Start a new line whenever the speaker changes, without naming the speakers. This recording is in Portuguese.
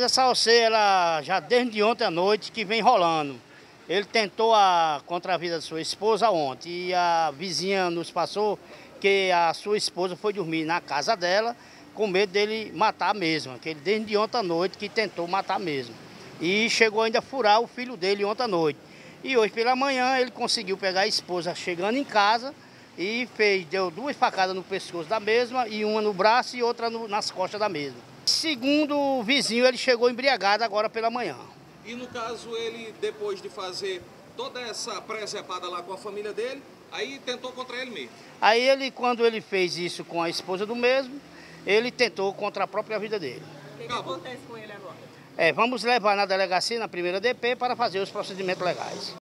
Essa OC, ela já desde ontem à noite que vem rolando. Ele tentou a contra a vida da sua esposa ontem e a vizinha nos passou que a sua esposa foi dormir na casa dela com medo dele matar mesmo, que ele desde ontem à noite que tentou matar mesmo. E chegou ainda a furar o filho dele ontem à noite. E hoje pela manhã ele conseguiu pegar a esposa chegando em casa e fez, deu duas facadas no pescoço da mesma e uma no braço e outra no, nas costas da mesma segundo vizinho, ele chegou embriagado agora pela manhã.
E no caso, ele, depois de fazer toda essa presepada lá com a família dele, aí tentou contra ele mesmo?
Aí ele, quando ele fez isso com a esposa do mesmo, ele tentou contra a própria vida dele.
O que, que acontece com ele agora?
É, vamos levar na delegacia, na primeira DP, para fazer os procedimentos legais.